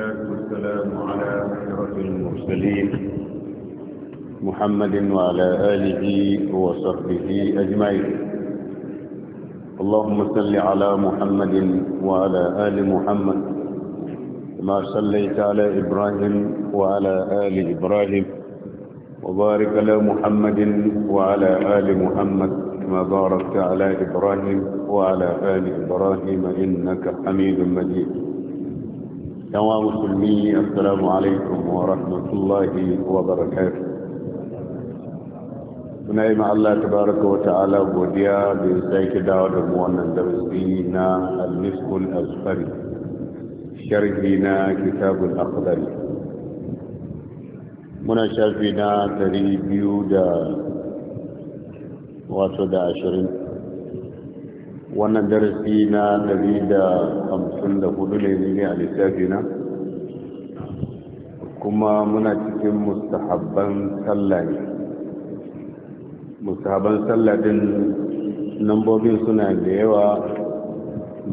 والصلاة والسلام على أشرف المرسلين محمد وعلى آله وصحبه أجمعين اللهم صل على محمد وعلى آل محمد كما صليت على إبراهيم وعلى آل إبراهيم وبارك على محمد وعلى آل محمد كما باركت على إبراهيم وعلى آل إبراهيم إنك حميد مجيد دوام سلمي السلام عليكم ورحمة الله وبركاته نعم الله تبارك وتعالى بوديا بسيك داود موانا درسينا النسك الأسفل شرحينا كتاب الأقدر منا تريبيو دا واتو عشرين wannan darasi na dari da 154 ne ne a lissafi na kuma muna cikin mustahabban sallah ne mustahabban sallah din nambobin suna da yawa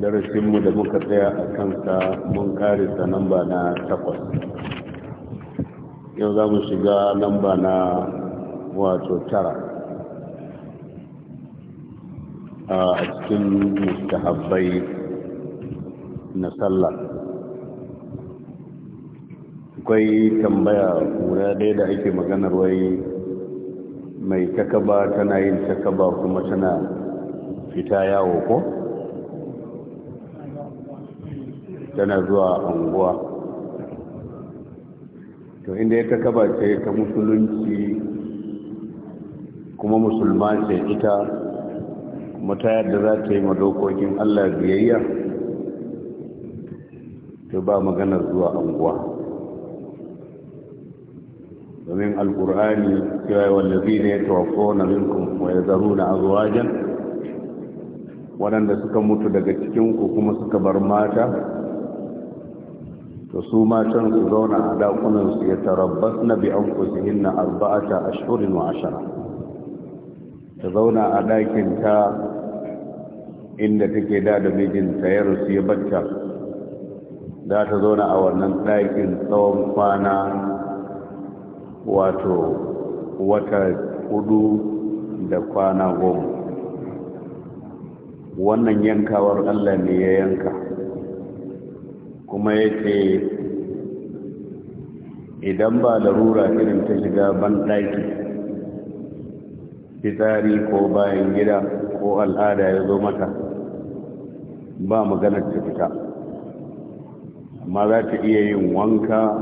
darasinmu da muka tsaya a kansa mun karisa namba na takwas yau za mu shiga lamba na wato tara a cikin mustahabbai na sallah akwai tambaya guda ɗaya da ake maganar wai mai takaba tana yin takaba kuma tana fita yawo ko tana zuwa anguwa to inda ya takaba ce ta musulunci kuma Musulman ce ita kuma ta yadda za ta yi ma dokokin Allah biyayya Ta ba maganar zuwa anguwa domin alkur'ani cewa yi wallafi ne ya tawafo na minkum wa ya zaru na azuwajen waɗanda suka mutu daga cikinku kuma suka bar mata Ta su matan su zauna a dakunansu ya tarabbas na bi an kusurin na arba'ata ashirin wa ashara ta zauna a ɗakinta inda take da da mijinta ya rusu ya bacca za ta zauna a wannan ɗakin tsawon kwana wato wata hudu da kwana goma wannan yankawar allah ne ya yanka kuma ya ce idan ba larura irin ta shiga ban ɗaki fitsari ko bayan gida ko al'ada ya zo mata ba maganar ta fita amma za ta iya yin wanka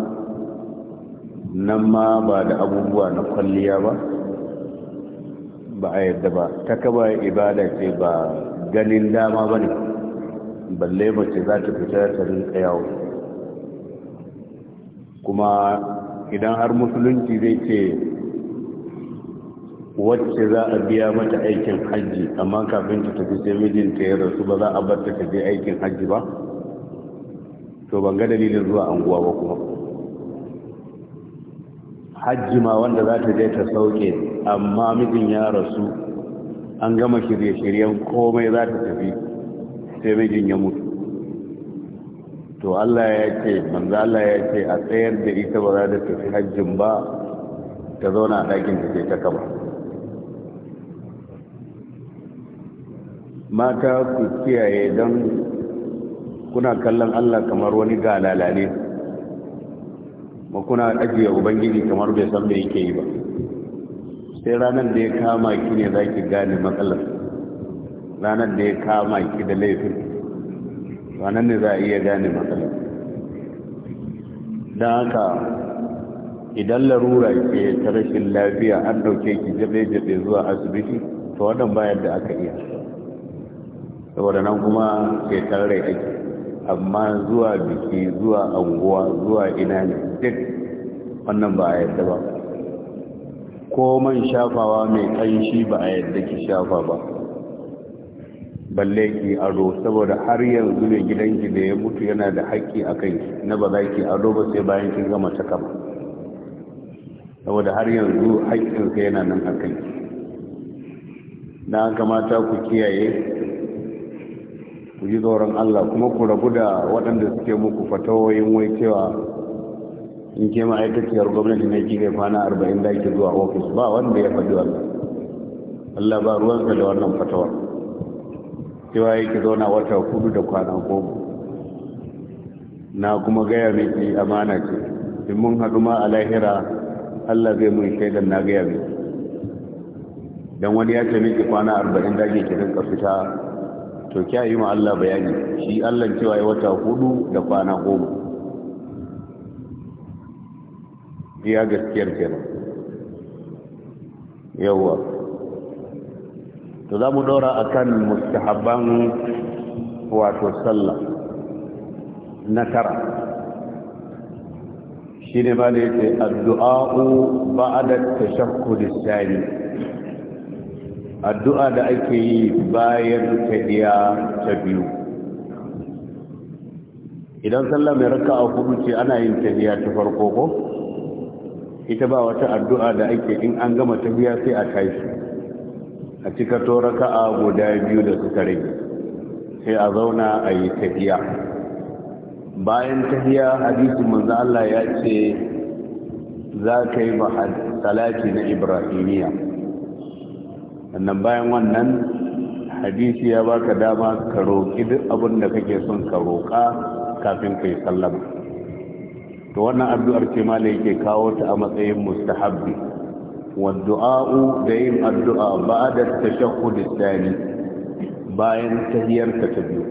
nan ma ba da abubuwa na kwalliya ba ba a yadda ba ta kaba ibada ce ba ganin dama ba ne balle mace za ta fita ta rinka yawo kuma idan har musulunci zai ce wacce za a biya mata aikin hajji amma kafin ta tafi sai mijinta ya rasu ba za a bar ta tafi aikin hajji ba to ban ga dalilin zuwa anguwa ba kuma hajji ma wanda za ta je ta sauke amma mijin ya rasu an gama shirye-shiryen komai za ta tafi sai mijin ya mutu to Allah ya ce manzo Allah ya ce a tsayar da ita ba za ta tafi hajjin ba ta zauna a ɗakin da ta kaba mata ku kiyaye don kuna kallon Allah kamar wani galala ne ma kuna ajiye ubangiji kamar bai san me yake yi ba sai ranar da ya kama ki ne za ki gane matsalar ranar da ya kama ki da laifin ranar ne za a iya gane matsalar don haka idan larura ke ta rashin lafiya an dauke ki jabe-jabe zuwa asibiti to waɗanda bayan da aka iya saboda nan kuma shekar rai ake amma zuwa biki zuwa anguwa zuwa ina ne duk wannan ba a yadda ba ko man shafawa mai kanshi ba a yadda ki shafa ba balle ki ado saboda har yanzu ne gidanki da ya mutu yana da haƙƙi a kai na ba za ki ado ba sai bayan kin gama ta kama saboda har yanzu haƙƙinka yana nan a kai na kamata ku kiyaye ji tsoron Allah kuma ku rabu da waɗanda suke muku fatawoyin wai cewa in ke ma'aikaciyar gwamnati na kike kwana arba'in da ke zuwa ofis ba wanda ya faɗi wannan Allah ba ruwansa da wannan fatawar cewa yake zauna wata hudu da kwana goma na kuma gaya miki amana ce in mun haɗu ma a lahira Allah zai mun shaidan na gaya miki don wani ya ce miki kwana arba'in da ke kirin ka fita to kya yi ma Allah bayani shi Allah cewa ya wata hudu da kwana goma iya gaskiyar kenan yawwa to za mu dora a kan mustahabban wato sallah na tara shi ne ba da yake addu'a'u ba'adar tashakku da shari'a addu'a da ake yi bayan tahiya ta biyu idan sallah mai raka'a hudu ce ana yin tahiya ta farko ko ita ba wata addu'a da ake in an gama tafiya sai a tashi a cika to a guda biyu da suka rage sai a zauna a yi tafiya. bayan tafiya hadisin manzo Allah ya ce za ka yi salati na ibrahimiyya sannan bayan wannan hadisi ya baka dama ka roƙi duk abin da kake son ka roƙa kafin ka yi sallama to wannan addu'ar ce ma yake kawo ta a matsayin mustahabbi wadda'a'u da yin addu'a ba da tashahhud tsani bayan tahiyar ka ta biyu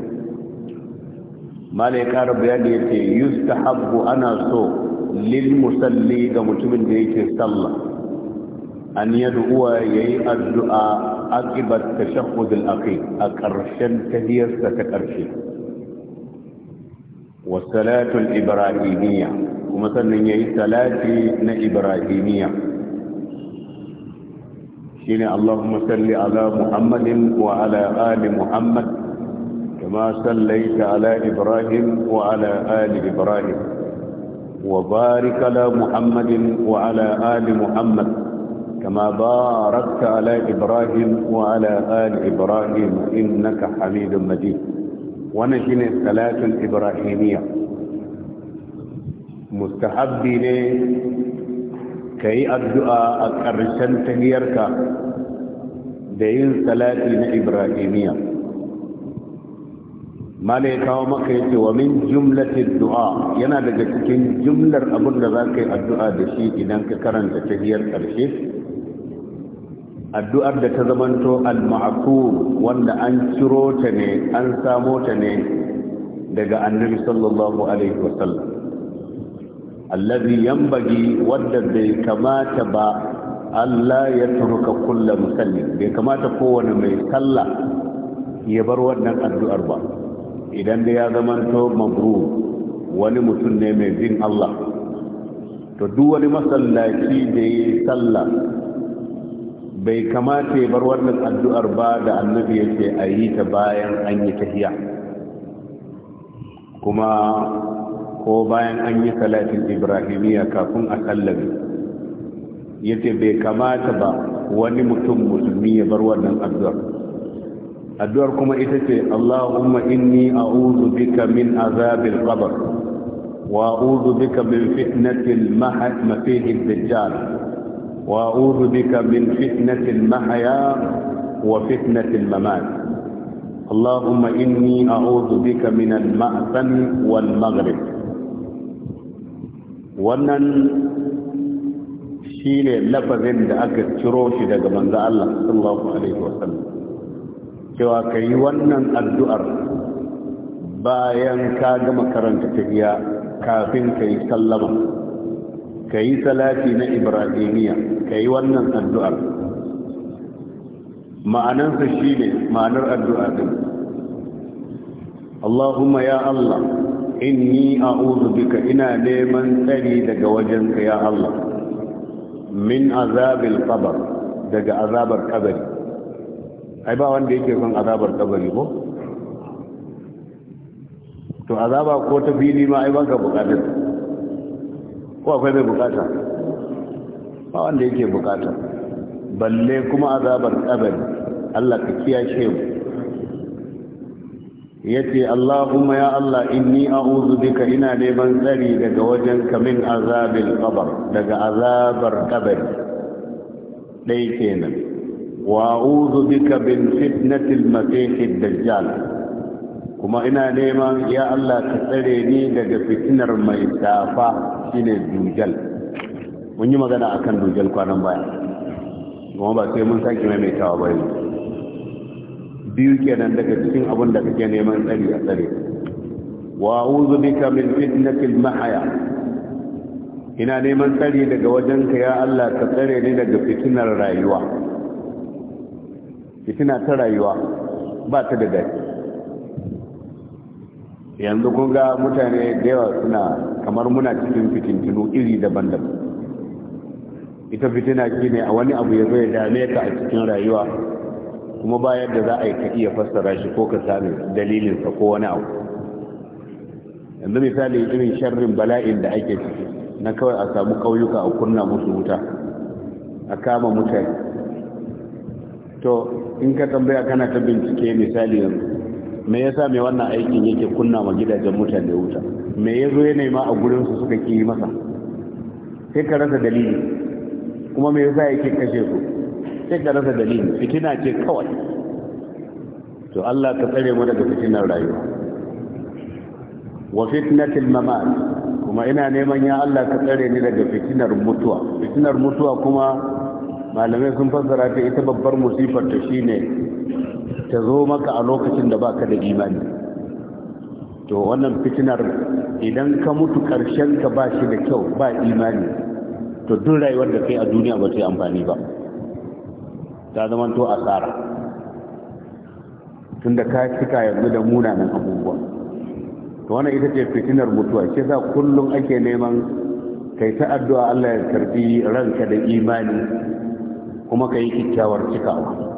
malai ya ƙara bayani yace yustahabbu ana so lil musalli ga mutumin da yake sallah أن يدعو يي الدعاء عقب التشخذ الأخير أكرشن كثير ستكرشي والصلاة الإبراهيمية ومثلا يي صلاة إبراهيمية شين اللهم صل على محمد وعلى آل محمد كما صليت على إبراهيم وعلى آل إبراهيم وبارك على محمد وعلى آل محمد كما باركت على إبراهيم وعلى آل إبراهيم إنك حميد مجيد ونجن الصلاة الإبراهيمية مستحب لي كي أدعى أكرشن تهيرك دين صلاة إبراهيمية ما kawo maka yace wa min jumlatin du'a yana daga cikin jumlar abin da za ka yi addu'a da shi idan ka karanta tahiyar ƙarshe addu'ar da ta zamanto al-ma'akur wanda an ciro ta ne an samo ta ne daga annabi sallallahu alaihi wasallam allazi yambagi wadda bai kamata ba Allah ya turuka kulla musalli bai kamata kowane mai sallah ya bar wannan addu'ar ba idan da ya zamanto mabru wani mutum ne mai bin Allah to duk wani masallaci da ya sallah bai kamata ya bar wannan addu'ar ba da annabi yake a yi ta bayan an yi tahiya kuma ko bayan an yi salatin ibrahimiyya kafin a ya ce bai kamata ba wani mutum musulmi ya bar wannan addu'ar addu'ar kuma ita ce allahumma inni a'udhu bika min azabil qabr wa bika min fitnatil mahad masihid dajjal وأعوذ بك من فتنة المحيا وفتنة الممات اللهم إني أعوذ بك من المأثن والمغرب ونن شيل لفظين دعك تروش دعك من الله صلى الله عليه وسلم جوا كي ونن الدعر باين كاغم كرنك تهيا كافين كي سلمه ka yi salati na ibrahimiya ka yi wannan addu'ar ma'anansa shi ne ma'anar addu'ar ɗin Allahumma ya Allah in inni a'udhu bika ina neman tsari daga wajenka ya Allah min azabil qabr daga azabar kabari ai ba wanda yake son azabar kabari ko to azaba ko ta fili ma ai ba ka bukatar ko akwai mai bukata ba wanda yake bukata balle kuma azabar kabari Allah ka kiyashe mu yace Allahumma ya Allah inni a'udhu bika ina neman tsari daga wajen kamin azabil qabr daga azabar kabari dai kenan wa a'udhu bika min fitnatil masih dajjal kuma ina neman ya Allah ka tsare ni daga fitinar mai safa shine dujal mun yi magana akan dujal kwanan baya kuma ba sai mun sake mai tawa ba yanzu biyu kenan daga cikin abin da kake neman tsari a tsare wa a'udhu bika min fitnatil mahaya ina neman tsari daga wajenka ya Allah ka tsare ni daga fitinar rayuwa fitina ta rayuwa ba ta da daɗi yanzu kun ga mutane da yawa suna kamar muna cikin fitintinu iri daban-daban ita fitina ki ne a wani abu ya zo ya dame ka a cikin rayuwa kuma ba yadda za a yi ka iya fassara shi ko ka sami dalilinsa ko wani abu yanzu misali irin sharrin bala'in da ake ciki na kawai a samu ƙauyuka a kunna musu wuta a kama mutane to in ka tambaya kana ta bincike misali yanzu me yasa mai wannan aikin yake kunna ma gidajen mutane wuta me ya zo ya nema a gurinsu suka ki masa sai ka rasa dalili kuma me yasa yake kashe su sai ka rasa dalili fitina ce kawai to Allah ka tsare mu daga fitinar rayuwa wa fitnatil mamat kuma ina neman ya Allah ka tsare ni daga fitinar mutuwa fitinar mutuwa kuma malamai sun fassara ta ita babbar musibar ta shine ta zo maka a lokacin da baka da imani to wannan fitinar idan ka mutu karshen ka ba shi da kyau ba imani to duk rayuwar da kai a duniya ba ta yi amfani ba ta zama to asara tunda ka cika yanzu da munanan abubuwa to wannan ita ce fitinar mutuwa shi yasa kullum ake neman kai ta addu'a Allah ya karbi ranka da imani kuma kai kyakkyawar cikawa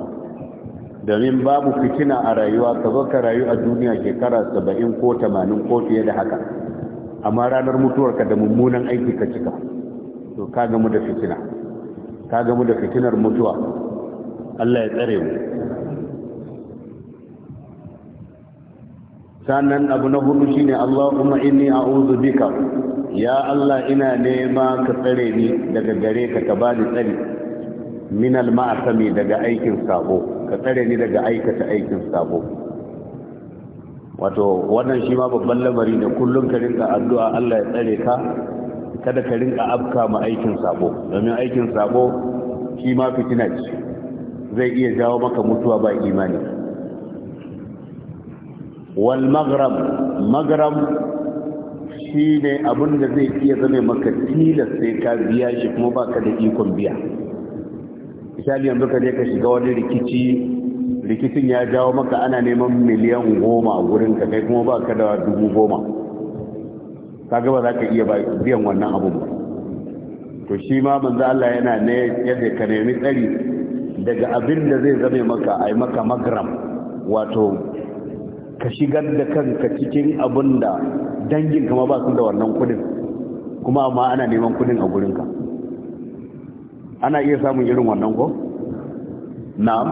domin babu fitina a rayuwa ka zo ka rayu a duniya shekara saba'in ko tamanin ko fiye da haka amma ranar mutuwarka da mummunan aiki ka cika to ka gamu da fitina ka gamu da fitinar mutuwa Allah ya tsare mu sannan abu na hudu shine Allahumma inni a'udhu bika ya Allah ina nema ka tsare ni daga gare ka ka bani tsari minal ma'asami daga aikin sabo ka tsare ni daga aikata aikin sabo wato wannan shi ma babban lamari ne kullum ka rinka addu'a Allah ya tsare ka kada ka rinka afka ma aikin sabo domin aikin sabo shi ma fitina ce zai iya jawo maka mutuwa ba imani wal maghrab maghrab shi ne abin da zai iya zama maka tilas sai ka biya shi kuma baka da ikon biya misali yanzu ka je ka shiga wani rikici rikicin ya jawo maka ana neman miliyan goma wurin ka kai kuma ba ka da dubu goma ka gaba za ka iya biyan wannan abu ba to shi ma manzo Allah yana ne yadda ka nemi tsari daga abin da zai zame maka ai maka magram wato ka shigar da kanka cikin abin da dangin kama ba su da wannan kudin kuma amma ana neman kudin a gurinka ana iya samun irin wannan ko na'am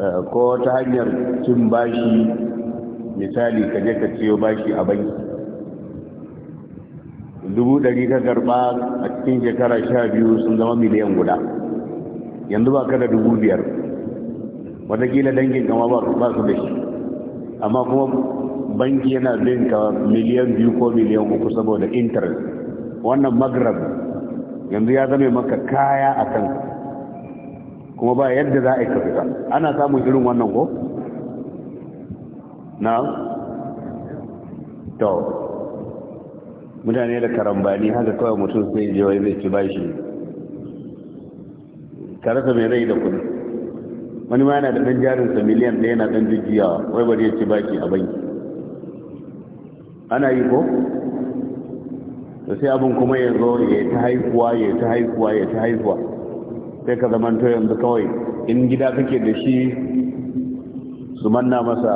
eh, ko ta hanyar cin bashi misali ka je ka ciyo bashi a banki dubu ɗari ka karɓa a cikin shekara sha biyu sun zama miliyan guda yanzu ba ka da dubu biyar watakila dangin kama ba su da shi amma kuma banki yana bin miliyan biyu ko miliyan uku saboda intar. wannan magrab yanzu ya zame maka kaya a kan kuma ba yadda za a yi kafita ana samun irin wannan ko? na? to mutane da karambani haka kawai mutum sai je wai zai ci shi karasa mai rai da kudi wani ma yana da ɗan jarinsa miliyan ɗaya na ɗan jujjiyawa wai bari ya ci bashi a banki ana yi ko? da sai abin kuma ya zo ya ta haihuwa ya ta haihuwa ya ta haihuwa sai ka zama to yanzu kawai in gida kake da shi su manna masa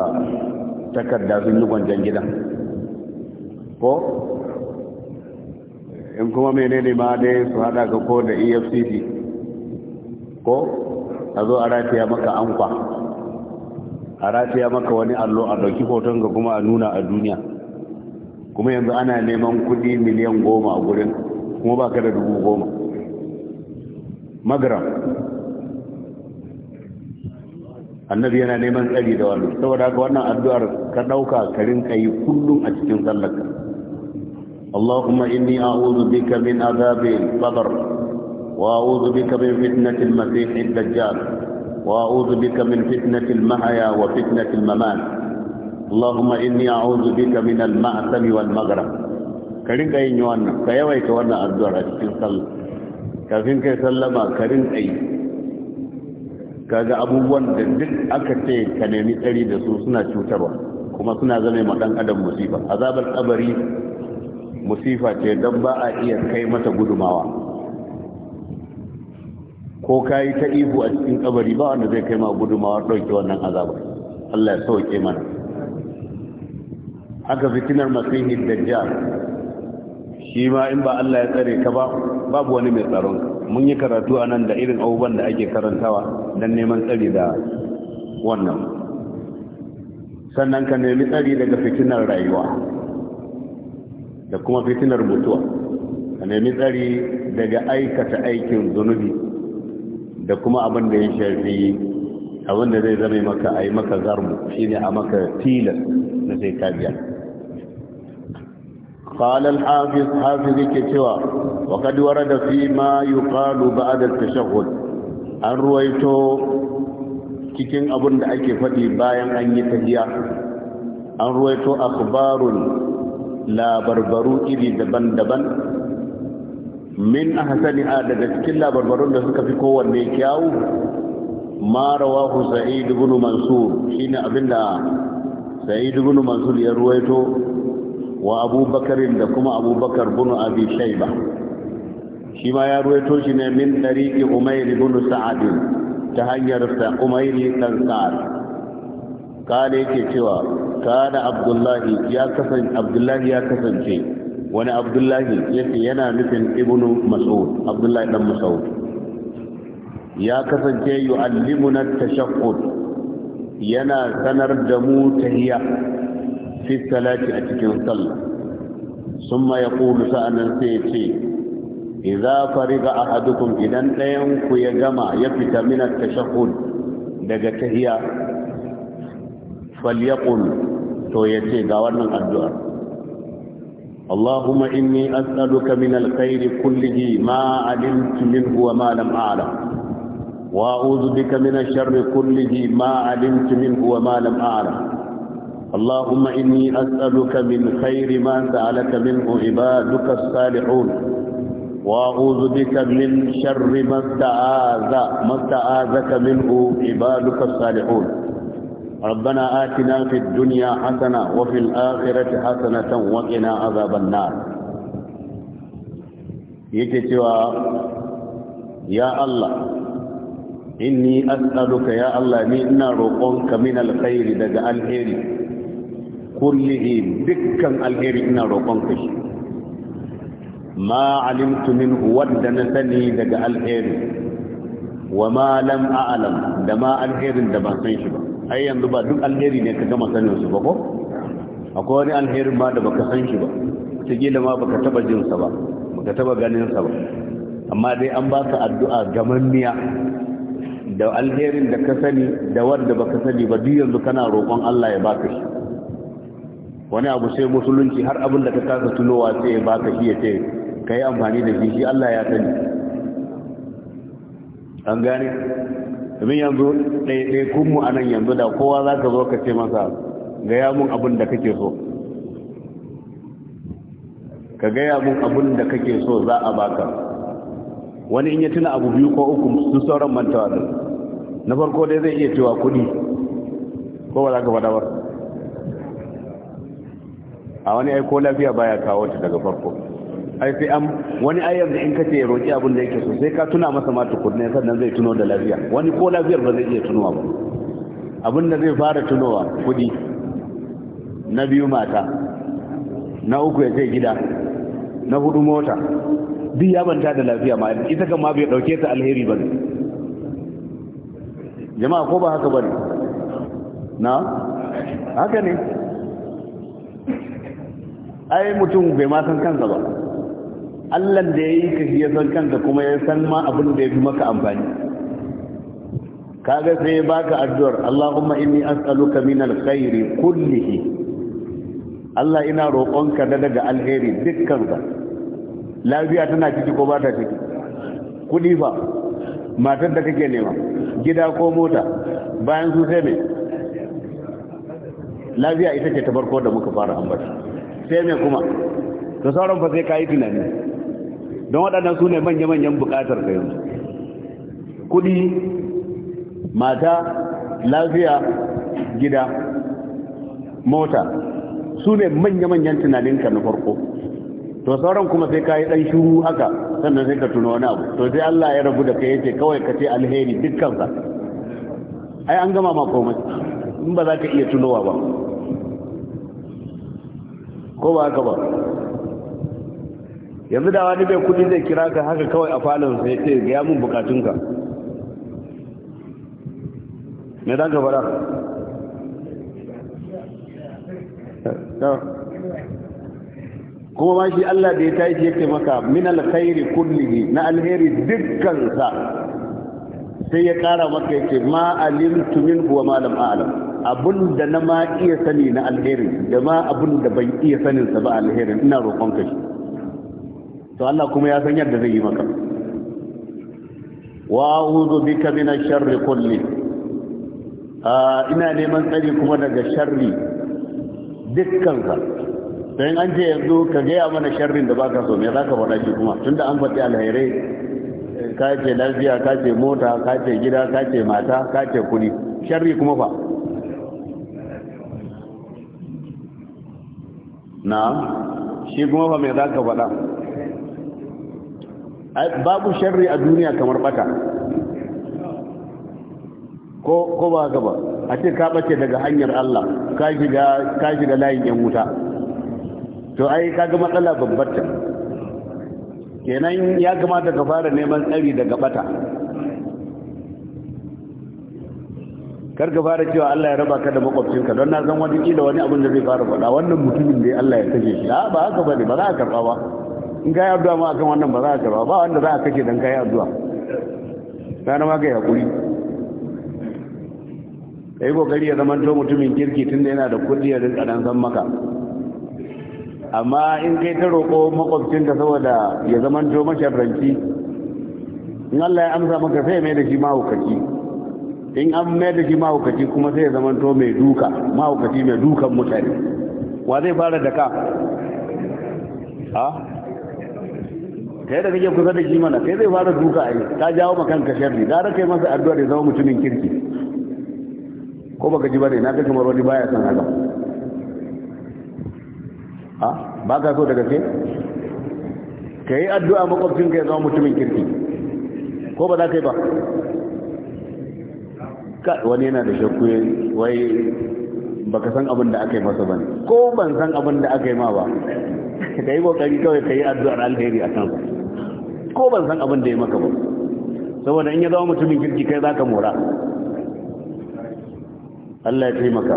takarda sun yi gwanjan gidan ko in kuma menene ma dai su hada ka ko da efcc ko a zo a rataya maka kwa a rataya maka wani allo a ɗauki hoton ga kuma a nuna a duniya kuma yanzu ana neman kudi miliyan goma a gurin kuma ba ka da dubu goma magaram annabi yana neman tsari da wani saboda haka wannan addu'ar ka ɗauka ka rinka yi kullum a cikin sallarka Allahumma inni a'udhu bika min azabi qabr wa a'udhu bika min fitnati al-masih ad-dajjal wa a'udhu bika min fitnati al-mahya wa fitnati al-mamat اللهم اني اعوذ بك من المأثم والمغرب كرين كاين يوانا wannan كوانا a cikin sallah kafin kai sallama karin ai kaga abubuwan da duk aka ce ka nemi tsari da su suna cutarwa kuma suna zame ma dan adam musiba azabar kabari musifa ce don ba a iya kai mata gudumawa ko ka yi ta ihu a cikin kabari ba wanda zai kai ma gudumawa dauke wannan azabar Allah ya sauke mana haka fitinar masihi dajjal shi ma in ba Allah ya tsare ka ba babu wani mai tsaron mun yi karatu a nan da irin abubuwan da ake karantawa don neman tsari da wannan sannan ka nemi tsari daga fitinar rayuwa da kuma fitinar mutuwa ka nemi tsari daga aikata aikin zunubi da kuma abin da ya shafi abin da zai zama maka a yi maka zarmu shine a maka tilas na sai kabiya قال الحافظ حافظ كتوى وقد ورد فيما يقال بعد التشهد أن رويته cikin abin da ake faɗi bayan an yi tahiya an ruwaito akhbarun labarbaru iri daban-daban min ahsaniha daga cikin labarbarun da suka fi kowanne kyawu ma rawahu sa'id ibn mansur shine abinda sa'id ibn mansur ya ruwaito wa abubakarin da kuma abubakar bin abi shaiba shi ma ya ruwaito shi ne min dariki umairi bunu sa'adin ta hanyar sa umairi dan sa'ad kada yake cewa Kada abdullahi ya kasance abdullahi ya kasance wani abdullahi yace yana nufin ibnu mas'ud abdullahi dan mas'ud ya kasance yu'allimuna at-tashaqqud yana sanar da mu tahiyya fi salati a cikin sallah summa yaqulu sa'annan sai ya ce idza fariga ahadukum idan ɗayan ku ya gama ya fita min at-tashahhud daga fal falyaqul to ce ga wannan addu'a اللهم إني أسألك من الخير كله ما علمت منه وما لم أعلم وأعوذ بك من الشر كله ما علمت منه وما لم أعلم اللهم إني أسألك من خير ما سألك منه عبادك الصالحون وأعوذ بك من شر ما استعاذ ما استعاذك منه عبادك الصالحون ربنا آتنا في الدنيا حسنة وفي الآخرة حسنة وقنا عذاب النار يكتوى يا الله إني أسألك يا الله من روقك من الخير دجال الخير kullihi dukkan alheri ina roƙon ka shi ma alimtu minhu wanda na sani daga alheri wa ma lam a'lam da ma alherin da ban san shi ba ai yanzu ba duk alheri ne ka gama sanin su ba ko akwai wani alherin ma da baka san shi ba sigila ma baka taba jin sa ba baka taba ganin sa ba amma dai an baka addu'a gamanniya da alherin da ka sani da wanda baka sani ba duk yanzu kana roƙon Allah ya baka shi wani abu sai musulunci har abin da ka kasa tunowa sai ya baka shi ya ce ka yi amfani da shi shi Allah ya sani an gane domin yanzu kunmu a nan yanzu da kowa za ka zo ka ce masa gaya mun abin da kake so ka gaya mun abin da kake so za a baka wani in ya tuna abu biyu ko uku sun sauran mantawa na farko dai zai iya cewa kuɗi ko ba za ka faɗa ba a wani aiko lafiya baya kawo ta daga farko ai sai am wani ayar da in kace ya roki abin da yake so sai ka tuna masa ma tukunne sannan zai tuno da lafiya wani ko lafiyar ba zai iya tunowa ba abin da zai fara tunowa kudi na biyu mata na uku ya ce gida na hudu mota duk ya banta da lafiya ma ita kan ma bai dauke ta alheri ba jama'a ko ba haka ba ne na haka ne ai mutum bai ma san kansa ba Allah da ya yi ka ya san kanka kuma ya san ma abin da ya fi maka amfani kaga sai ya baka addu'ar Allahumma inni as'aluka min alkhairi kullihi Allah ina roƙonka da daga alheri dukkan sa lafiya tana ciki ko ba ta ciki kudi fa matar da kake nema gida ko mota bayan su sai me lafiya ita ce ta farko da muka fara ambata sai mai kuma to sauran fa sai ka yi tunani don waɗannan su ne manya-manyan buƙatar ka yanzu kuɗi mata lafiya gida mota su ne manya-manyan ka na farko to sauran kuma sai ka yi ɗan shuru haka sannan sai ka tuno wani abu to sai Allah ya rabu da ka yace kawai ka ce alheri dukkansa ai an gama ma komai in ba za ka iya tunowa ba ko ba haka ba yanzu da wani bai kudi zai kira ka haka kawai a falon sai ce ya mun bukatunka me za ka fara kuma ma shi Allah da ya tashi yake maka min alkhairi kullihi na alheri dukkan sa sai ya kara maka yake ma alimtu minhu wa ma a'lam abun da na ma iya sani na alherin da ma abun da ban iya sanin sa ba alherin ina roƙon ka shi to Allah kuma ya san yadda zai yi maka wa a'udhu bika min sharri kulli ina neman tsari kuma daga sharri dukkan sa dan an ce yanzu ka ga mana sharrin da baka so me zaka faɗa shi kuma tunda an faɗi alherai ka ce lafiya ka ce mota ka ce gida ka ce mata ka ce kuɗi sharri kuma fa na shi kuma ba mai za ka faɗa babu sharri a duniya kamar ɓata. ko ba haka ba a ce ka bace daga hanyar Allah ka shiga layin yan wuta to ai ka ga matsala babbar ta kenan ya kamata ka fara neman tsari daga bata kar ka fara cewa Allah ya raba ka da makwabcinka don na san wani kila wani abin da zai fara faɗa wannan mutumin da Allah ya kashe shi a ba haka bane ba za a karɓa ba in kai addu'a ma akan wannan ba za a karɓa ba wanda za a kashe dan kai addu'a kana ma kai hakuri kai kokari ya zama to mutumin kirki tunda yana da kudi ya rinka dan san maka amma in kai ta roƙo makwabcinka saboda ya zama to masharranci in Allah ya amsa maka sai mai da shi hukaki in an mai da shi mahaukaci kuma sai ya zama to mai duka mahaukaci mai dukan mutane wa zai fara da ka ha ta yadda kake kusa da kimana mana kai zai fara duka a yi ta jawo ma kanka ne gara kai masa addu'a da zama mutumin kirki ko baka ji ne? na ga kamar wani baya san haka ba ka so daga ke ka yi addu'a makwabcinka ya zama mutumin kirki ko ba za ka yi ba wani yana da shakku wai baka san abin da aka yi masa bane ko ban san abin da aka yi ma ba ka yi kokari kawai ka yi addu'ar alheri a kansa ko ban san abin da ya maka ba saboda in ya zama mutumin kirki kai za ka mora Allah ya taimaka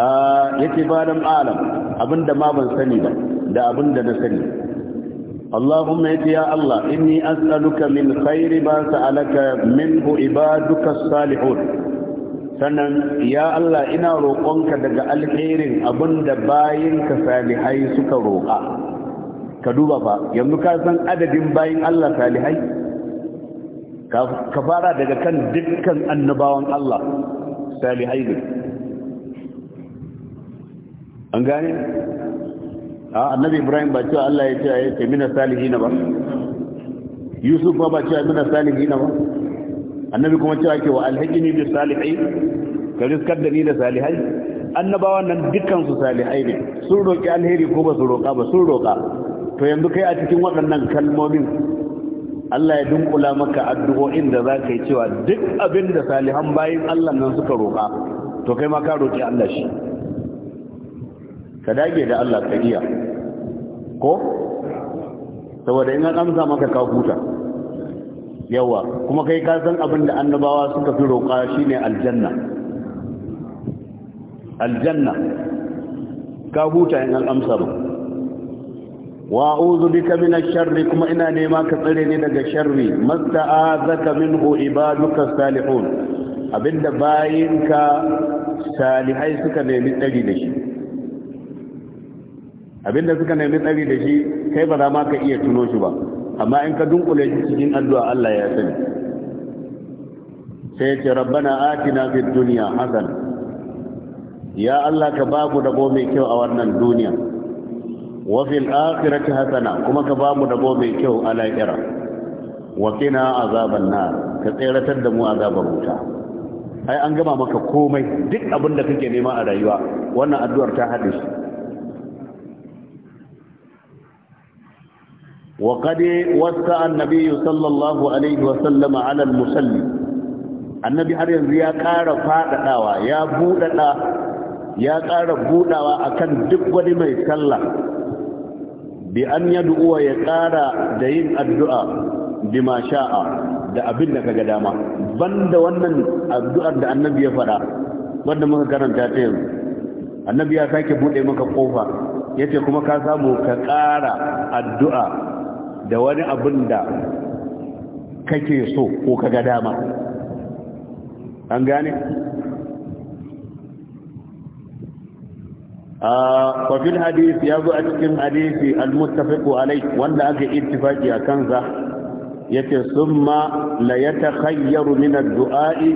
ah, Ya ce ba alam abinda ma ban sani ba da abinda na sani اللهم يا الله إني أسألك من خير ما سألك منه عبادك الصالحون sannan ya Allah ina roƙonka daga alherin abin da ka salihai suka roƙa ka duba fa yanzu ka san adadin bayin Allah salihai ka fara daga kan dukkan annabawan Allah salihai ne an gane a annabi ibrahim ba cewa Allah ya ce ya ce mina salihina ba yusuf ba ba cewa mina salihina ba annabi kuma cewa ke wa alhaqini da salihai ka riskar da ni da salihai annabawa nan dukkan salihai ne sun roki alheri ko ba su roƙa ba sun roƙa to yanzu kai a cikin waɗannan kalmomin Allah ya dunkula maka addu'o'in da za ka yi cewa duk abin da salihan bayin Allah nan suka roƙa to kai ma ka roƙi Allah shi ka dage da Allah ka iya ko saboda in an amsa maka ka huta yawa kuma kai ka san abin da annabawa suka fi roƙa shine aljanna aljanna ka huta in an amsa ba wa a'udhu bika min ash-sharri kuma ina nema ka tsare ni daga sharri masta'azaka minhu ibaduka salihun abinda bayinka salihai suka nemi tsari da shi abinda suka nemi tsari da shi kai ba za ma ka iya tuno shi ba amma in ka dunkule shi cikin addu'a Allah ya sani sai ce rabbana atina fid dunya hasan ya Allah ka ba mu da mai kyau a wannan duniya wa fil akhirati hasana kuma ka bamu da mai kyau a lahira wa qina azaban nar ka tseratar da mu azabar wuta ai an gama maka komai duk abin da kake nema a rayuwa wannan addu'ar ta hadisi وقد وسع النبي صلى الله عليه وسلم على المصلي annabi har yanzu ya ƙara faɗaɗawa ya buɗaɗa ya ƙara buɗawa kan duk wani mai sallah bi an ya du'uwa ya ƙara da yin addu'a bi ma sha'a da abin da kaga dama banda wannan addu'ar da annabi ya faɗa wanda muka karanta ta yanzu annabi ya sake buɗe maka ƙofa yace kuma ka samu ka ƙara addu'a da wani abin da kake so ko kaga dama an gane ya zo a cikin hadisi المتفق alai wanda aka yi ittifaki a kansa yace summa la yatakhayyaru min ad-du'a'i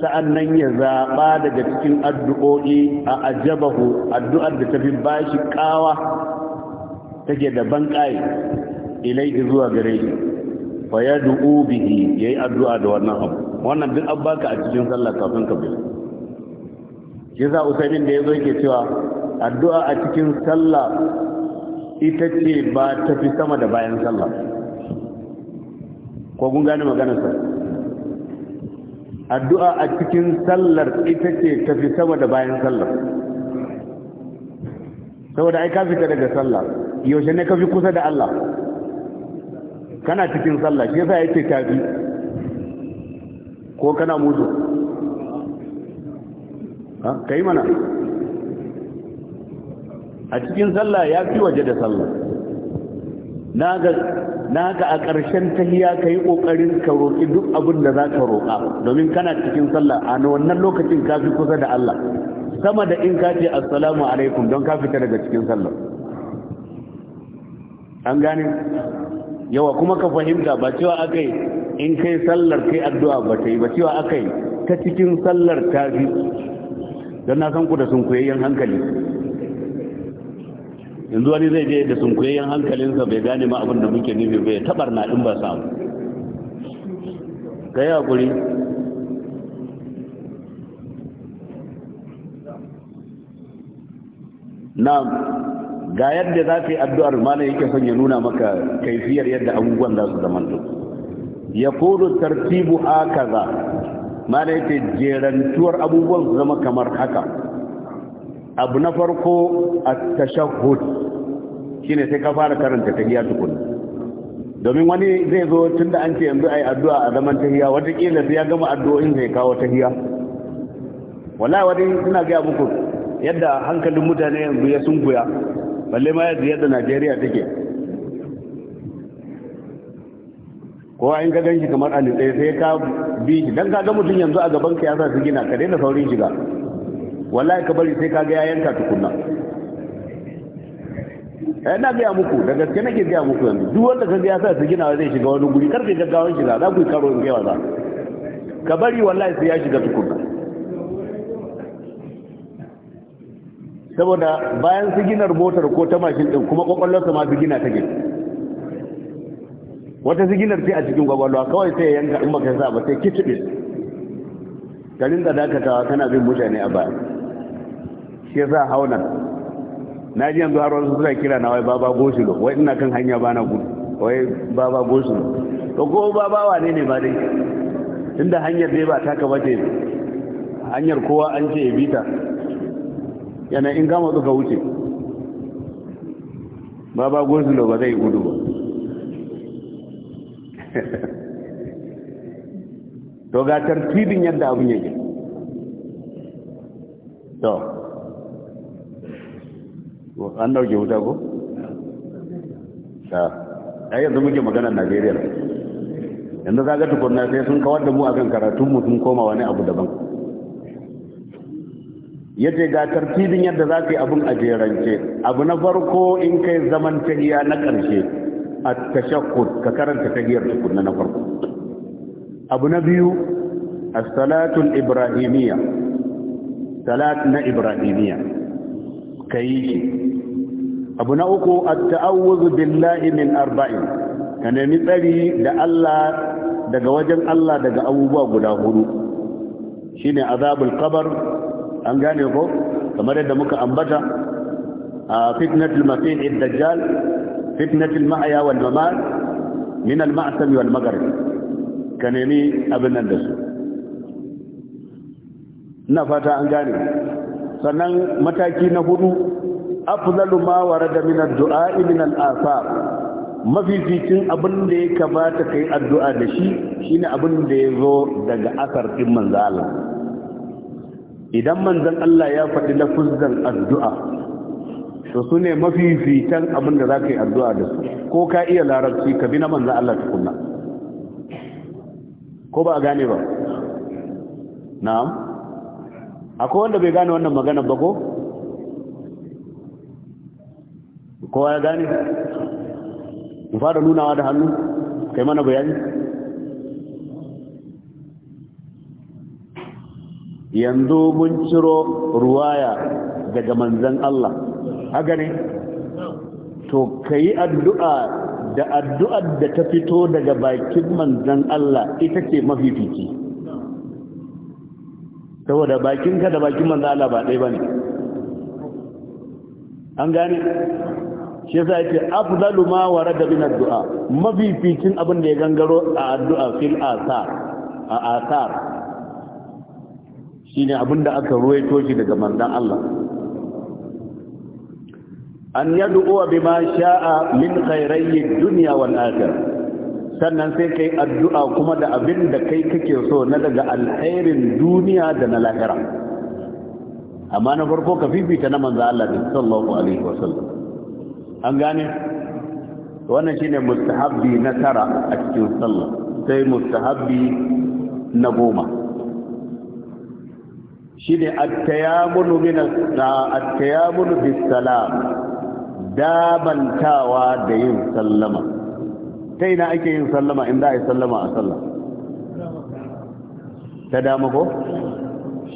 sa'annan ya zaɓa daga cikin addu'o'i a ajabahu addu'ar da tafi bashi kawa take da banƙaye ilaihi zuwa gare shi fa yad'u bihi yayi addu'a da wannan abu wannan duk an baka a cikin sallah kafin ka bi shi za usaimin da yazo yake cewa addu'a a cikin sallah ita ce ba ta fi sama da bayan sallah ko kun gane maganar sa addu'a a cikin sallar ita ce ta fi sama da bayan sallah. saboda ai ka fita daga sallah yaushe ne ka fi kusa da Allah kana cikin sallah shi yasa yake kafi ko kana mutu ha kai mana a cikin sallah ya fi waje da sallah na ga a ƙarshen tahiya ka yi ƙoƙarin ka roki duk abin da za ka roƙa domin kana cikin sallah a wannan lokacin ka fi kusa da Allah sama da in ka ce assalamu alaikum don ka fita daga cikin sallah an gane yawa kuma ka fahimta ba cewa aka yi in kai sallar kai addu'a ba ta yi ba cewa aka yi ta cikin sallar ta fi don na san ku da sunkuyayyen hankali yanzu wani zai je da sunkuyayyen hankalinsa bai gane ma abin da muke nufi bai tabar na ɗin ba samu ka yi haƙuri na ga yadda za ka yi addu'ar malam yake son ya nuna maka kaifiyar yadda abubuwan za su zama duk ya kodo tartibu haka za malam yake jerantuwar abubuwan su zama kamar haka abu na farko a tashahud shi ne sai ka fara karanta tahiya tukun domin wani zai zo tun da an ce yanzu a yi addu'a a zaman tahiya watakila sai ya gama addu'o'in zai kawo tahiya wala wani suna gaya muku yadda hankalin mutane yanzu ya sunkuya balle ma yadda yadda najeriya take kowa in ka ganshi shi kamar alin ɗaya sai ka bi shi don kaga mutum yanzu a gaban ka ya sa su gina ka daina saurin shiga wallahi ka bari sai ka ga yanka ka tukunna eh na gaya muku da gaske nake gaya muku yanzu duk wanda ka ya sa su gina zai shiga wani guri karfe gaggawan shiga za ku yi karo in gaya za ka bari wallahi sai ya shiga tukunna saboda bayan su gina motar ko ta mashin din kuma kwakwalwarsa ma su gina ta ke, wata su gina ce a cikin ƙwaƙwalwa kawai sai yanka in baka sa ba sai kicibis garin da dakatawa kana bin mutane a baya shi hau nan. na ji yanzu har wasu suna kira na wai baba goshilo wai ina kan hanya bana gudu wai baba goshilo to ko baba wane ne ba dai inda hanyar dai ba taka bace hanyar kowa an ce ya bita yana in gama suka wuce ba ba gozulo ba zai gudu ba to ga tartibin yadda abin yake to an dauke wuta ko? ta yanzu muke maganar najeriya yanzu zaga tukunna sai sun kawar da mu a kan karatunmu sun koma wani abu daban ya ce ga tartibin yadda za ka yi abin a jerance abu na farko in kai zaman tahiya na ƙarshe a tashakkud ka karanta tahiyar tukunna na farko abu na biyu a Salatun ibrahimiyya salat na ibrahimiyya kai shi abu na uku a taawuzu billahi min arba'in ka nemi tsari da Allah daga wajen Allah daga abubuwa guda hudu shine azabul qabr an gane ko kamar yadda muka ambata a fitnatul masih ad-dajjal fitnatul ma'ya wal mamat min al-ma'sam wal maghrib ka nemi abin nan da su ina fata an gane sannan mataki na hudu afdalu ma warada min ad-du'a min al Mafi mafificin abin da ya kamata kai addu'a da shi shine abin da ya zo daga asar din manzo Allah idan manzan Allah ya faɗi lafuzan addu'a to su ne fitan abin da za ka yi addu'a da su ko ka iya larabci ka bi na manzan Allah tukunna ko ba a gane ba na'am akwai wanda bai gane wannan magana ba ko? kowa ya gane? mu fara nunawa da hannu kai mana bayani? yanzu mun ciro ruwaya daga manzan Allah haka ne to ka yi addu'a da addu'ar da ta fito daga bakin manzan Allah ita ce mafifici saboda bakinka da bakin manzan Allah ba ɗaya ba ne an gane shi yasa yake afdalu ma warada min addu'a mafificin abin da ya gangaro a addu'a fil asar a asar ne abinda aka ruwaito shi daga manzon Allah an yad'u bima sha'a min khairai dunya wal akhirah sannan sai kai addu'a kuma da abin da kai kake so na daga alkhairin duniya da na lahira amma na farko ka fifita na manzo Allah din sallallahu alaihi wasallam an gane wannan shine mustahabbi na tara a cikin sallah sai mustahabbi na goma shine at-tayammunu min at-tayammunu bis-salam dabantawa da yin sallama ta na ake yin sallama in za a yi sallama a sallah ta dama ko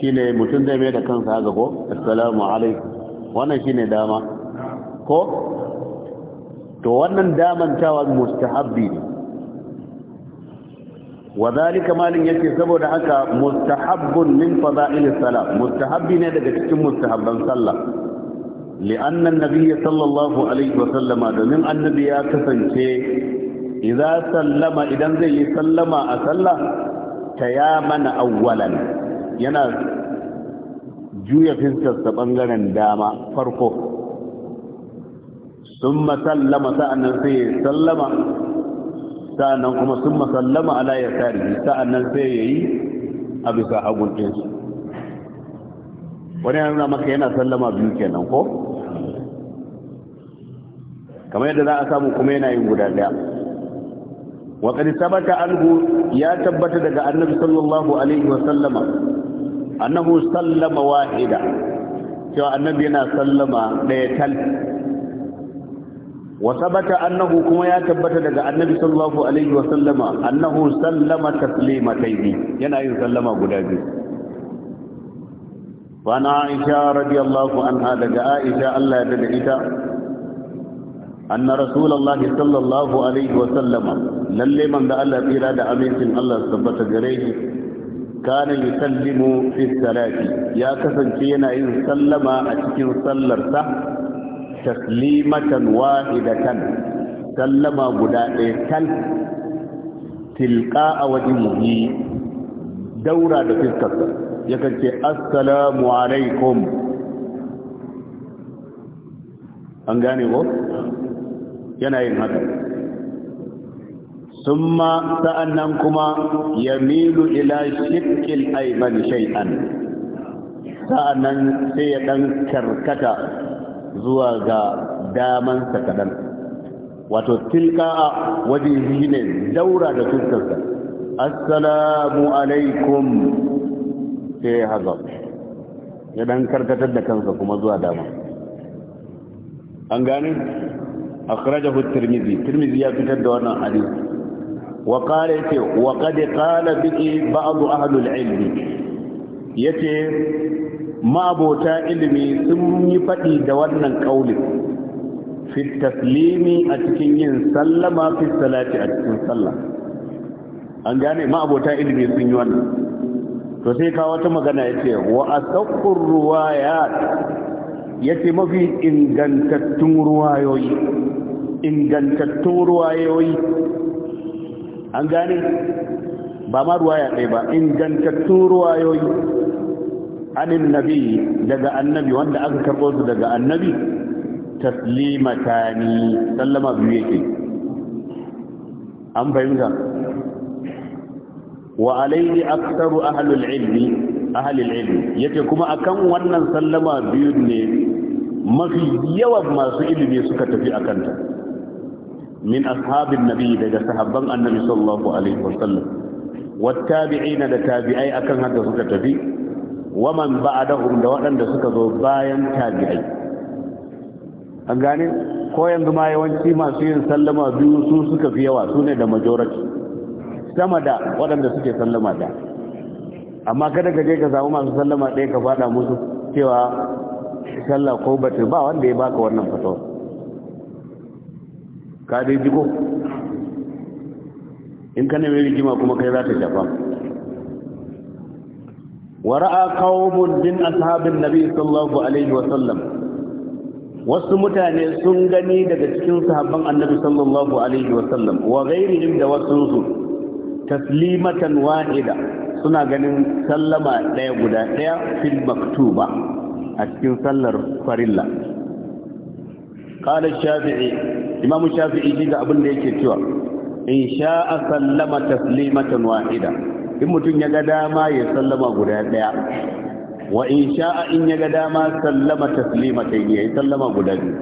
shine mutum zai mai da kansa haka ko assalamu alaikum wannan shine dama ko to wannan damantawa mustahabbi ne wa zalika malin yake saboda haka mustahabbun min fada'il salat mustahabbi ne daga cikin mustahabban sallah li anna nabiyya sallallahu alaihi wa sallama domin annabi ya kasance idza idan zai yi sallama a sallah tayaman awwalan yana juya fiskar ta bangaren dama farko summa sallama sa'annan sai sallama sa'annan kuma sun masallama ala ya tarihi sa'annan sai ya yi a bisa hagun ɗinsu wani yana maka yana sallama biyu kenan ko kamar yadda za a samu kuma yana yin guda ɗaya wa sabata anhu ya tabbata daga annabi sallallahu alaihi wasallama sallama annahu sallama wahida cewa annabi yana sallama ɗaya tal wa sabata annahu kuma ya tabbata daga annabi sallallahu alaihi wa sallama annahu sallama taslimataini yana yin sallama guda biyu wa na aisha radiyallahu anha daga aisha Allah ya daga ita anna rasulullahi sallallahu alaihi wa sallama lalle man da Allah tsira da amincin Allah tabbata gare shi kana yusallimu fi ya kasance yana yin sallama a cikin sallarsa taslimatan wahidatan sallama guda ɗaya kan tilka a wajen muhi daura da fiskarsa yakan ce assalamu alaikum an gane ko yana yin haka summa sa'annan kuma yamilu ila shikil aiban shay'an sa'annan sai ya dan karkata zuwa ga damansa kaɗan wato tilka a waje shi ne daura da fuskarsa assalamu alaikum sai ya haza ya dan karkatar da kansa kuma zuwa dama an gane akhrajahu at Tirmizi, Tirmizi ya fitar da wannan hadisi wa qala yace wa qad qala bi ba'd ahli al ya ce. ma'abota ilimi sun yi faɗi da wannan ƙaunin fi taslimi a cikin yin sallama fi salati a cikin sallah an gane ma'abota ilimi sun yi wannan to sai ka wata magana ya ce wa a saukun ruwayat ya ce mafi ingantattun ruwayoyi ingantattun ruwayoyi an gane ba ma ruwaya ɗaya ba ingantattun ruwayoyi anin nabi daga annabi wanda aka karɓo su daga annabi taslimatani sallama biyu yake an fahimta wa alaihi aktaru ahlul ilmi ahlul ilmi yace kuma akan wannan sallama biyu ne mafi yawan masu ilimi suka tafi a kanta. min ashabin nabi daga sahabban annabi sallallahu alaihi wasallam wattabi'ina da tabi'ai akan haka suka tafi waman ba'adahum da waɗanda suka zo bayan tabi'ai an gane ko yanzu ma yawanci masu yin sallama biyu su suka fi yawa su ne da majority sama da waɗanda suke sallama da amma kada ka je ka samu masu sallama ɗaya ka faɗa musu cewa sallah ko bata ba wanda ya baka wannan fatawa ka dai jiko in ka nemi rigima kuma kai za ta shafa wara'a qaumun min ashabin nabi sallallahu alaihi wa sallam wasu mutane sun gani daga cikin sahabban annabi sallallahu alaihi wa sallam wa ghairihim da wasu su taslimatan wahida suna ganin sallama daya guda daya fil maktuba a cikin sallar farilla qala shafi'i imamu shafi'i ji da abin da yake cewa in sha'a sallama taslimatan wahida in mutum ya ga dama ya sallama guda ɗaya. wa in sha'a in ya ga dama sallama taslima ta yi sallama guda biyu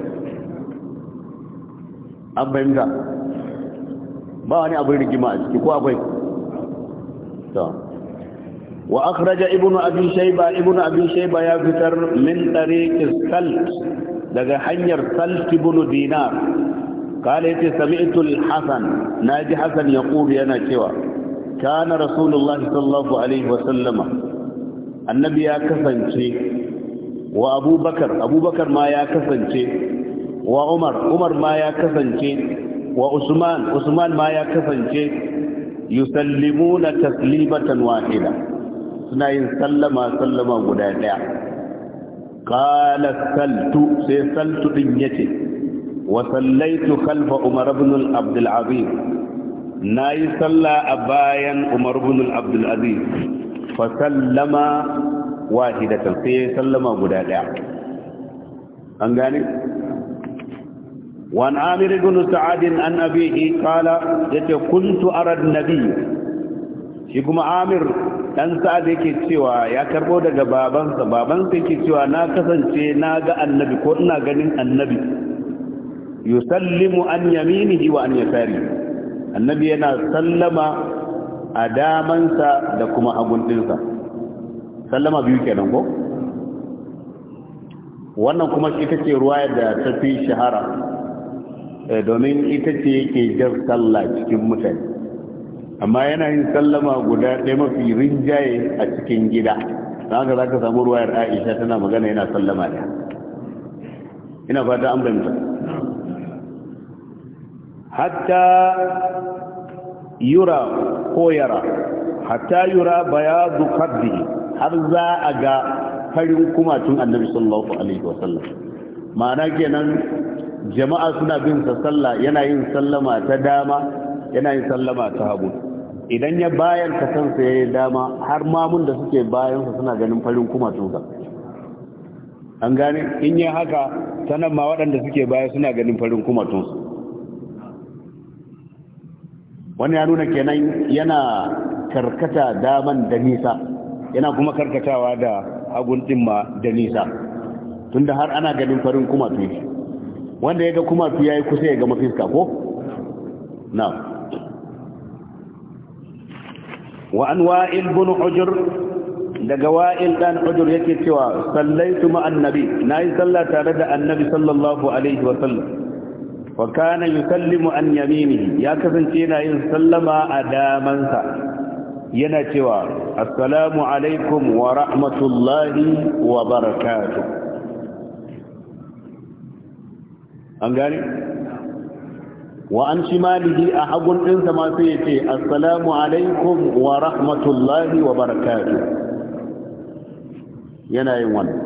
an fahimta ba wani abin rigima a ciki ko akwai wa akhraja ibnu abi shayba ibnu abi shayba ya fitar min tariqis salt daga hanyar salt ibnu dinar قال يتي سمعت الحسن ناجي حسن يقول yana cewa. kana rasulullahi sallallahu alaihi wasallama annabi ya kasance wa abubakar abubakar ma ya kasance wa umar umar ma ya kasance wa usman usman ma ya kasance yusallimuna taslimatan wahida suna yin sallama sallama guda daya qala saltu sai saltu din yace wa sallaitu khalfa umar ibn al-abd al-azim na yi sallah a bayan umar bin abdulaziz fa sallama wahidatan sai ya sallama guda daya an gane amir bin sa'ad an abihi أبيه yace kuntu ara nabi shi kuma amir dan sa'ad yake cewa ya karbo daga babansa babansa yake cewa na kasance na ga annabi ko ina ganin annabi yusallimu an yaminihi wa an yasarihi annabi yana sallama a damansa da kuma hagun ɗinsa sallama biyu kenan ko wannan kuma ita ce ruwayar da ta fi shahara eh, domin ita ce yake jar sallah cikin mutane amma yana yin sallama guda ɗaya mafi rinjaye a cikin gida don haka za ka samu ruwayar aisha tana magana yana sallama da ina fata an fahimta hatta yura ko yara hatta yura bayadu kabdi har za a ga farin kumatun annabi sallallahu alaihi wasallam ma'ana kenan jama'a suna bin sa sallah yana yin sallama ta dama yana yin sallama ta hagu idan ya bayan ka san sa yayin dama har mamun da suke bayan sa suna ganin farin kumatun sa an gane in yi haka sanan ma waɗanda suke baya suna ganin farin kumatun sa. wani ya nuna kenan yana karkata daman da nisa yana kuma karkatawa da hagun ma da nisa tunda har ana ganin farin kuma fiye wanda ya ga kuma fiye ya yi kusa ya ga mafiska ko? na wa'an wa'il bin ujur daga wa'il dan ujur yake cewa sallaitu ma'an nabi na yi salla tare da annabi sallallahu alaihi wasallam wa kana yusallimu an yaminihi ya kasance yana yin sallama a damansa yana cewa assalamu alaikum wa rahmatullahi wa barakatuh an gane wa an shimalihi a hagun ɗinsa ma sai ya assalamu alaikum wa rahmatullahi wa barakatuh yana yin wannan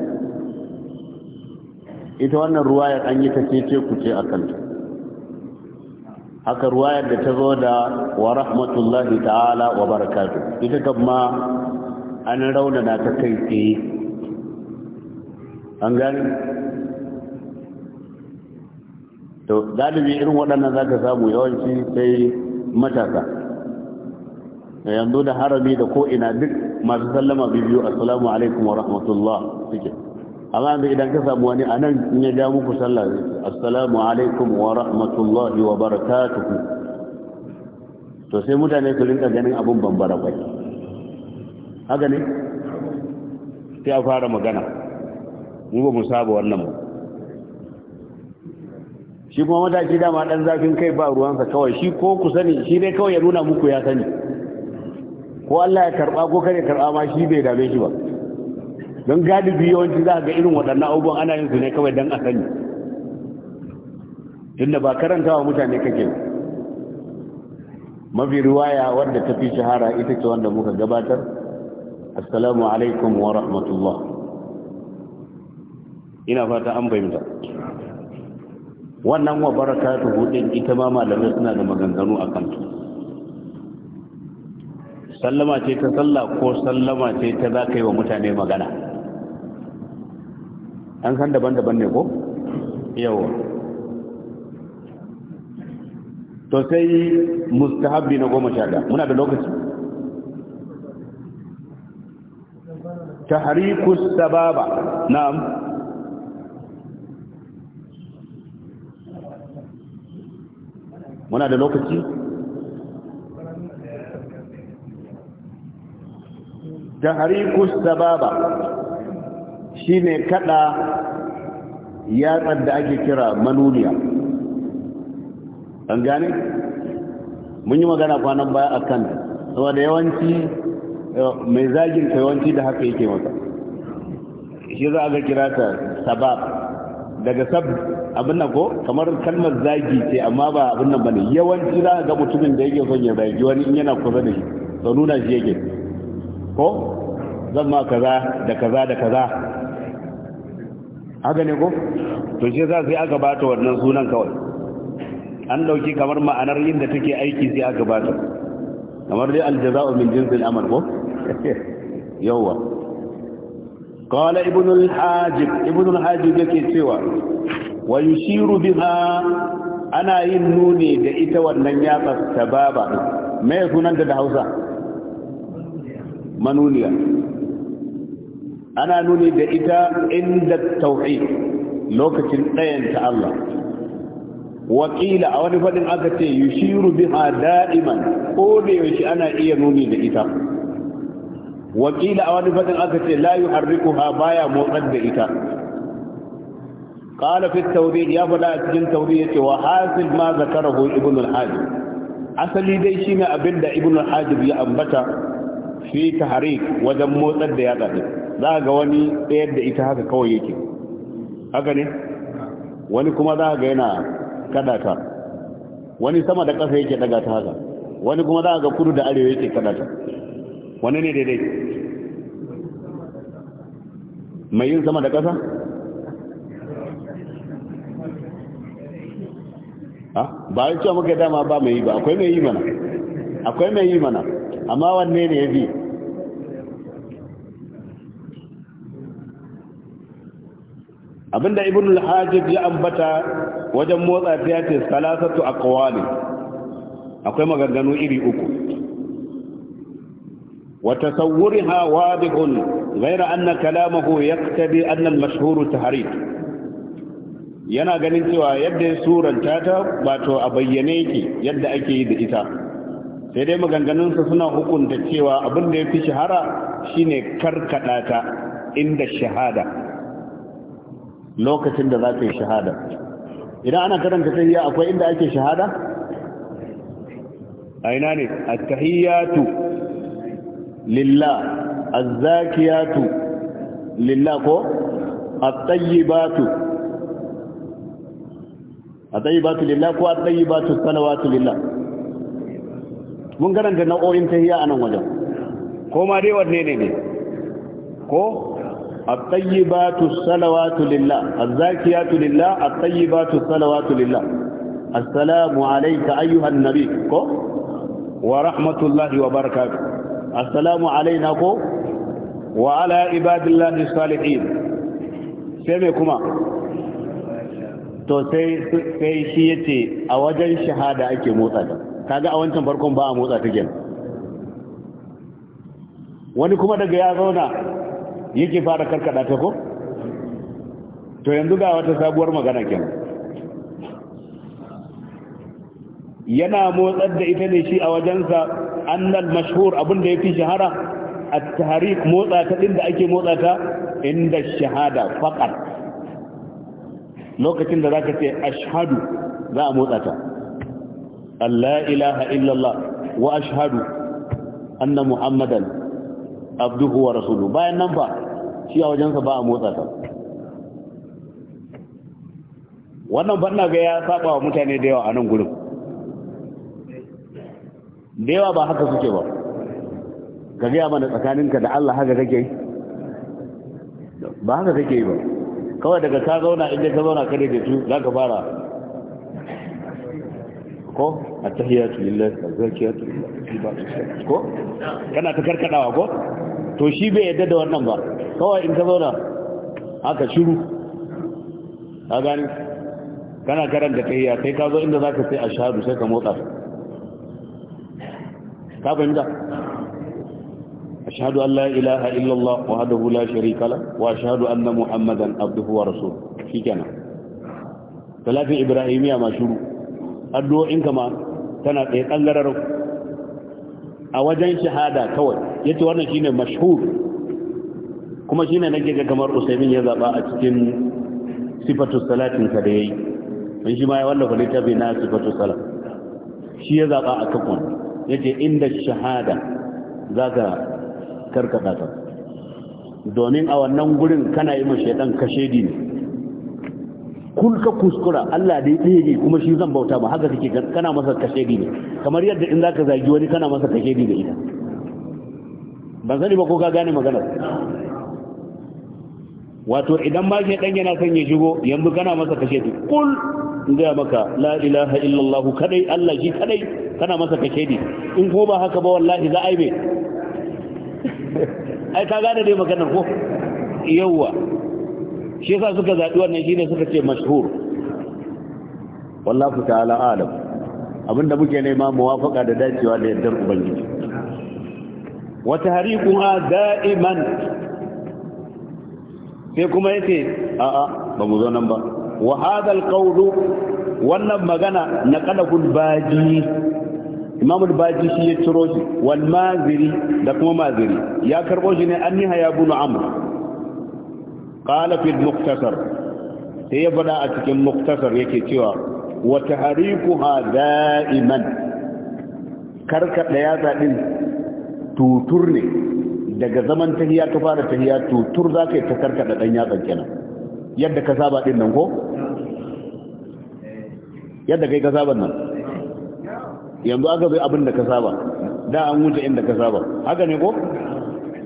ita wannan ruwayar an yi ta ce ku ce a kanta haka ruwayar da ta zo da wa rahmatullahi ta'ala wa barakatu ita ma an rauna na ta kai tsaye an gani to galibi irin waɗannan za ka samu yawanci sai matasa yanzu da harami da ko'ina duk masu sallama bibiyu assalamu alaikum wa rahmatullah suke amma yanzu idan ka samu wani a nan in ya ja muku sallah assalamu alaikum wa rahmatullahi wa barakatuhu to sai mutane su rinka ganin abun bambara kwai haka ne sai a fara magana mu ba mu saba wannan ba shi kuma mataki dama dan zafin kai ba ruwansa kawai shi ko ku sani shi dai kawai ya nuna muku ya sani ko Allah ya karba ko kare karba ma shi bai dame shi ba don galibi yawanci za ga irin waɗannan abubuwan ana yin su ne kawai don a sani tunda ba karanta wa mutane kake mafi ruwaya wadda ta fi shahara ita ce wanda muka gabatar assalamu alaikum wa rahmatullah ina fata an fahimta wannan wa ta din ita ma malamai suna da maganganu a kanta sallama ce ta sallah ko sallama ce ta za ka yi wa mutane magana an san daban-daban ne ko yawa to sai mustahabi na goma sha muna da lokaci tahrikus sababa na'am muna da lokaci tahrikus sababa ne kada yatsar da ake kira manuniya an gane mun yi magana kwanan baya a kan saboda yawanci eh, mai zagin ta yawanci da haka yake masa shi za a ga kira ta sabab daga sab abin nan ko kamar kalmar zagi ce amma ba abin nan bane yawanci za a ga mutumin da yake son ya zagi wani in yana kusa da shi sau nuna shi yake ko zan ma kaza da kaza da kaza haka ne ko to shi za yi aka bata wannan sunan kawai an dauki kamar ma'anar yin da take aiki sai aka bata kamar dai aljaza'u min jinsil amal ko yawa qala ibn al-hajib ibn al-hajib yake cewa wa yushiru biha ana yin nuni da ita wannan yatsa tababa mai sunan da Hausa manuniya ana nuni da ita inda tauhid lokacin ɗayanta Allah wakila a wani faɗin aka ce yushiru biha da'iman ko da yaushe ana iya nuni da ita wakila a wani faɗin aka ce harriku ha baya motsar da ita قال في ya يا a cikin tauri ce wa hasil ma zakarahu ibn al-hajib asali dai shine abinda ibn al-hajib ya ambata fi tahrik wajen motsar da ya din za ga wani tsayar da ita haka kawai yake haka ne wani kuma za ga yana kada ta wani sama da ƙasa yake daga ta haka wani kuma za ga kudu da arewa yake kada ta wani ne daidai mai yin sama da ƙasa ba a cewa muka dama ba mai yi ba akwai mai yi mana akwai mai yi mana amma wanne ne ya fi abinda ibn al-hajib ya ambata wajen motsa ta ce salasatu aqwali akwai maganganu iri uku wa tasawwurha wadihun ghayra anna kalamahu yaqtadi anna al-mashhur tahrid yana ganin cewa yadda ya suranta ta bato a bayyane yake yadda ake yi da ita sai dai maganganunsa suna hukunta cewa abin da ya fi shahara shine karkada ta inda shahada lokacin da za ka yi shahada idan ana karanta tahiyya akwai inda ake shahada a ina ne at-tahiyyatu lillah az-zakiyatu lillah ko at-tayyibatu at-tayyibatu lillah ko at-tayyibatu salawatu lillah mun karanta nau'o'in tahiyya anan wajen ko ma dai wanne ne ne ko at-tayyibatu salawatu lillah az-zakiyatu lillah at-tayyibatu salawatu lillah assalamu alayka ayyuhan nabi ko wa rahmatullahi wa barakatuh assalamu alayna ko wa ala sai kuma to sai shi ya ce a wajen shahada ake motsa ta kaga a wancan farkon ba a motsa ta gina wani kuma daga ya zauna yake fara karkada ta ko to yanzu ga wata sabuwar magana kenan yana motsar da ita ne shi a wajensa annal mashhur abin da yafi shahara at-tahrik motsa ta din da ake motsa ta inda shahada faqat lokacin da zaka ce ashhadu za a motsa ta Allah ilaha illallah wa ashhadu anna muhammadan abduhu wa rasulu bayan nan fa shi a wajensa ba a motsa ta wannan na ga ya saba wa mutane da yawa a nan gurin da yawa ba haka suke ba ka gaya mana tsakaninka da Allah haka kake ba haka kake ba kawai daga ka zauna inda ka zauna kada da tu za ka fara ko a tahiyatu lillahi wa zakiyatu lillahi ko kana ta karkadawa ko to shi bai yadda da wannan ba kawai in ka zauna haka shiru a gani kana karanta tahiyya sai ka zo inda za ka sai a shahadu sai ka motsa ka fahimta ashhadu an la ilaha illallah wa hada hula sharika kala wa ashhadu anna muhammadan abduhu wa rasuluhu shikenan talatin ibrahimiya ma shiru addu'o'inka ma tana ɗaya kangarar a wajen shahada kawai ya ce wannan ne mashhur kuma shi ne na ga kamar usaimin ya zaba a cikin sifatu salatin ka da yi in shi ma ya wallafa littafi na sifatu salat shi ya zaba a kan ya ce inda shahada za ka karkata ta domin a wannan gurin kana yi mashi kashe kashedi ne kulka kuskura Allah da ya ne kuma shi zan bauta ba haka kake kana masa kashe ne kamar yadda in za ka zagi wani kana masa kashedi da ita ban sani ba ko ka gane magana wato idan ma shi dan yana son ya shigo yanzu kana masa kashe shi kul in ga maka la ilaha illallah kadai Allah shi kadai kana masa kashe ni in ko ba haka ba wallahi za a yi ai ka gane dai maganar ko yawwa shi yasa suka zaɓi wannan shine suka ce mashhur wallahu ta'ala alam abinda muke nema muwafaka da dacewa da yardar ubangiji وتحريكها دائما sai kuma yace a'a ba mu zo nan ba wa hadha wannan magana na qalahul baji imam al-baji shi ya ciro shi wal maziri da kuma maziri ya karbo shi ne anni haya bunu amr qala fi sai ya bada a cikin muktasar yake cewa wa tahrikuha da'iman karka da yatsa tutur ne daga zaman tahiya ka fara tahiya tutur za ka yi ta karkada ɗan yatsan kenan yadda ka saba ɗin nan ko yadda kai ka saba nan yanzu aka zai abin da ka saba da an wuce inda ka saba haka ne ko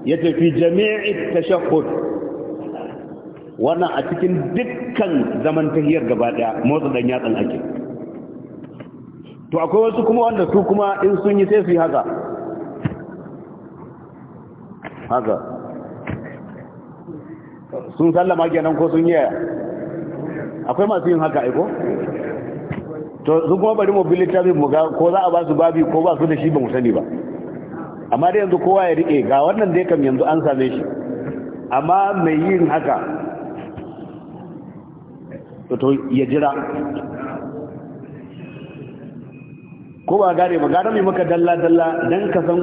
ya tafi jami'i tashahhud wannan a cikin dukkan zaman tahiyar gaba ɗaya motsa ɗan yatsan ake to akwai wasu kuma wanda su kuma in sun yi sai su yi haka haka sun sallama kenan ko sun yaya akwai masu yin haka aiko to sun kuma bari mobility tabin mu ga ko za a ba su babi ko ba su da shi ba musani ba amma da yanzu kowa ya riƙe ga wannan dai kam yanzu an same shi amma mai yin haka to ya jira ko ba gare ba gare mai maka dalla-dalla don ka san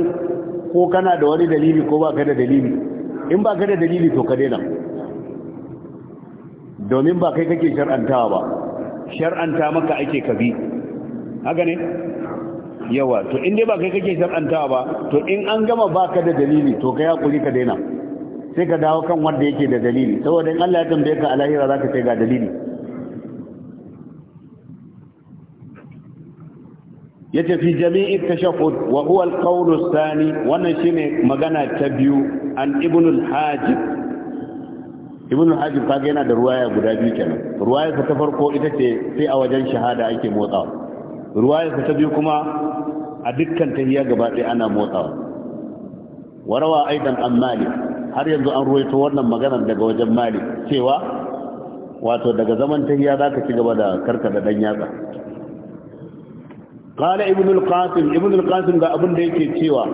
ko kana da wani dalili ko ba ka da dalili in ba ka da dalili to ka daina domin ba kai kake shar'antawa ba shar'anta maka ake kabi haka ne yawa to in dai ba kai kake shar'antawa ba to in an gama baka da dalili to kai hakuri ka daina sai ka dawo kan wanda yake da dalili saboda in Allah ya tambaye ka alahira zaka ce ga dalili yace fi jami'i tashahhud wa huwa al-qawl ath-thani wannan shine magana ta biyu an ibnu al-hajib ibnu al-hajib kaga yana da ruwaya guda biyu kenan ruwaya ta farko ita ce sai a wajen shahada ake motsawa ruwaya ta biyu kuma a dukkan tahiyya gaba ɗaya ana motsawa warawa aidan an mali har yanzu an ruwaito wannan maganar daga wajen mali cewa wato daga zaman tahiyya zaka ci gaba da karkada dan yatsa qala ibn al-qasim ibn ga abin da yake cewa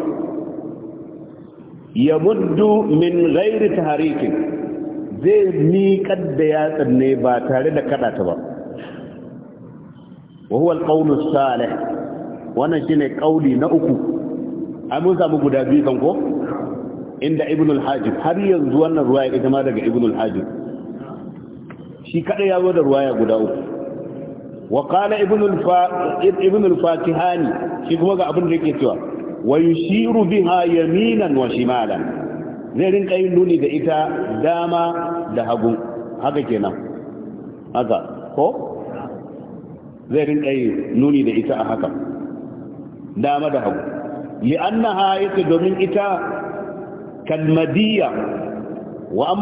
Ya yamuddu min ghairi tahrikin zai miƙar da yatsan ne ba tare da kada ta ba wa huwa al-qawl salih wannan shine kauli na uku ai mun samu guda biyu kan ko inda ibn al-hajib har yanzu wannan ruwaya ita ma daga ibn al-hajib shi kada ya zo da ruwaya guda uku wa qala ibn al-fatihani kuma ga abin da yake cewa wa yushiru biha yaminan wa shimalan zai rinka yin nuni da ita dama da hagu haka kenan haka ko zai rinka yin nuni da ita a haka dama da hagu li'annaha yake domin ita kalmadiyya wa